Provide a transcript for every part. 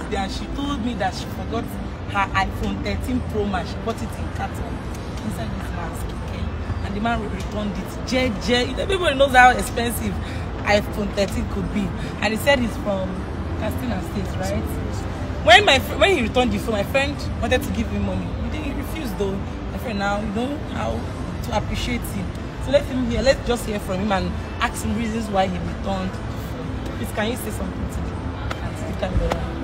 today and she told me that she forgot her iPhone 13 Pro Max. She bought it in carton inside this mask. Okay? And the man returned it. JJ. everybody knows how expensive iPhone 13 could be. And he said it's from Castina State, right? When my when he returned the phone, my friend wanted to give him money. He, he refused though. My friend now, you know how to appreciate him. So let him hear. Let's just hear from him and ask him reasons why he returned Please, can you say something to the camera?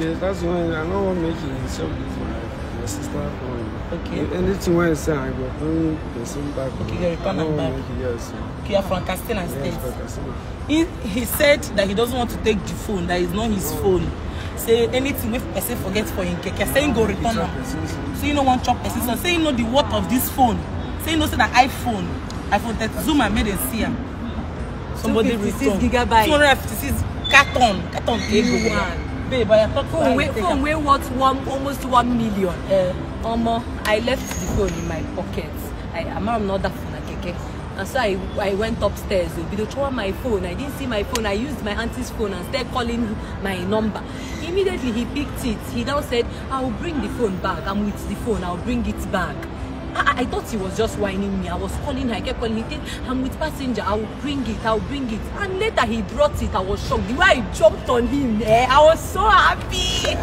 Okay, that's when I know what making it with my, my sister from. Okay. If anything when I say I go bring the person back. Okay, you return and back. It, yes. Okay, you are from Castilla yes, State. he, he said that he doesn't want to take the phone, that is not his oh. phone. Say anything with person forgets for him. Keke saying go return am. So you know one chop person. So say you know the worth of this phone. Say you know say that iPhone, iPhone that zoom and made them see am. Somebody return. 256 gigabytes. 256 carton, carton kego babe i talk phone wey phone wey worth one almost one million omo eh, i left the phone in my pocket i am not that phone. na keke and so i i went upstairs obido oh, throw my phone i didn't see my phone i used my auntie's phone and started calling my number immediately he picked it he now said i will bring the phone back i'm with the phone i will bring it back I, I thought he was just whining me. I was calling her. I kept calling him. I'm with passenger. I will bring it. I will bring it. And later he brought it. I was shocked. The way I jumped on him, eh, I was so happy.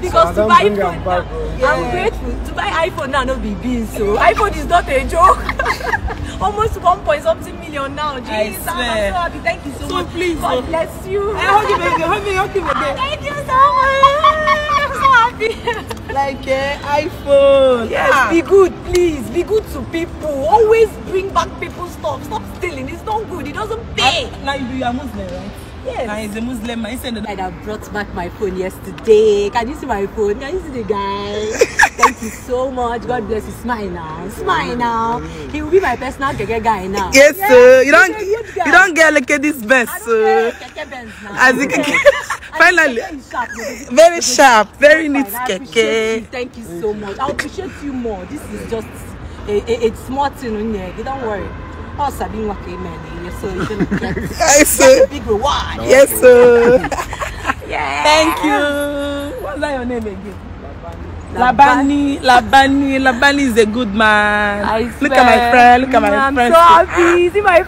because so to buy iPhone, now, yeah. Oh. I'm grateful. To buy iPhone now, not be beans. So iPhone is not a joke. Almost one point something million now. Jeez, I swear. I'm so happy. Thank you so, so much. So please, God oh. bless you. I hug you, baby. Hug me, hug you, Thank you so much like uh, iphone yes ah. be good please be good to people always bring back people stuff stop stealing it's not good it doesn't ah, pay now you do your muslim right yes now is a muslim man he said that i brought back my phone yesterday can you see my phone can you see the guy thank you so much god bless you smile now smile now he will be my personal keke guy now yes, yes sir you don't you don't get like this best so as you can Finally, very sharp, very, sharp, very neat keke. Thank you so much. I appreciate you more. This is just a, a, a small thing on here. Don't worry. Oh, Sabine Waka, a big reward. yes, sir. yeah. Thank you. What's that your name again? Labani, Labani, Labani is a good man. I swear. Look at my friend. Look at my I'm friend. I'm so happy. See my